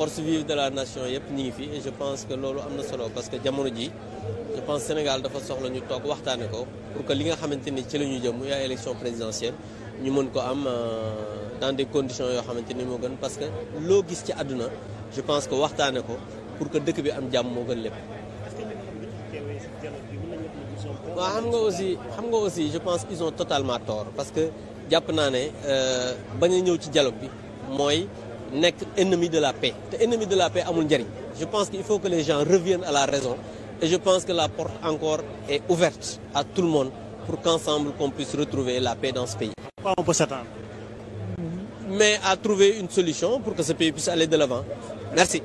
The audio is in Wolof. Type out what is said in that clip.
force vive de la nation yëpp ñu ngi fi je pense que loolu am na solo parce que jamono ji je pense Sénégal dafa soxla ñu toog waxtaane ko pour que li nga xamante ni ci la ñu jëm muy ay élection présidentielle ñu mën ko am euh, dans des conditions yoo xamante ni moo gën parce que loo gis ci àdduna je pense que waxtaane ko pour que dëkk bi am jàmm moo gën lépp waaw xam nga aussi xam nga aussi je pense qu'ils ont totalement tort parce que jàpp naa ne euh, bañ a ñëw ci dialogue bi mooy nekk ennemi de la paix te ennemi de la paix amul je pense qu'il faut que les gens reviennent à la raison et je pense que la porte encore est ouverte à tout le monde pour qu'ensemble qu'on puisse retrouver la paix dans ce pays. Mais à trouver une solution pour que ce pays puisse aller de l'avant. Merci.